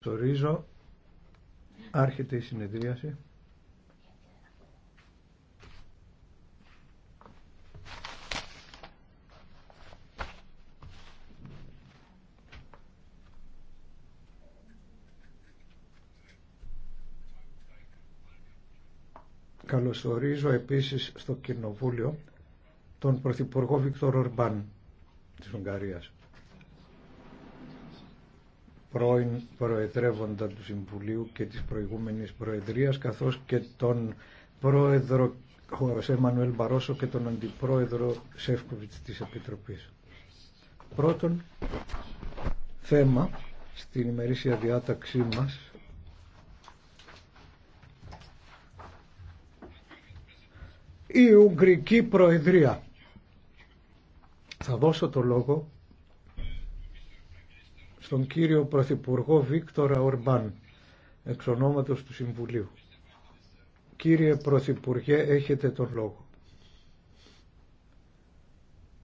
Καλωσορίζω. Άρχεται η συνεδρίαση. Καλωσορίζω επίσης στο Κοινοβούλιο τον Πρωθυπουργό Βίκτορ Ορμπάν της Ουγγαρίας πρώην προεδρεύοντα του Συμβουλίου και της προηγούμενης Προεδρίας καθώς και τον πρόεδρο Χωρός Μανουέλ Μπαρόσο και τον αντιπρόεδρο Σεύκοβιτς της Επιτροπής. Πρώτον, θέμα στην ημερήσια διάταξή μας η Ουγγρική Προεδρία. Θα δώσω το λόγο στον κύριο Πρωθυπουργό Βίκτορα Ορμπάν, εξ του Συμβουλίου. Κύριε Πρωθυπουργέ, έχετε τον λόγο.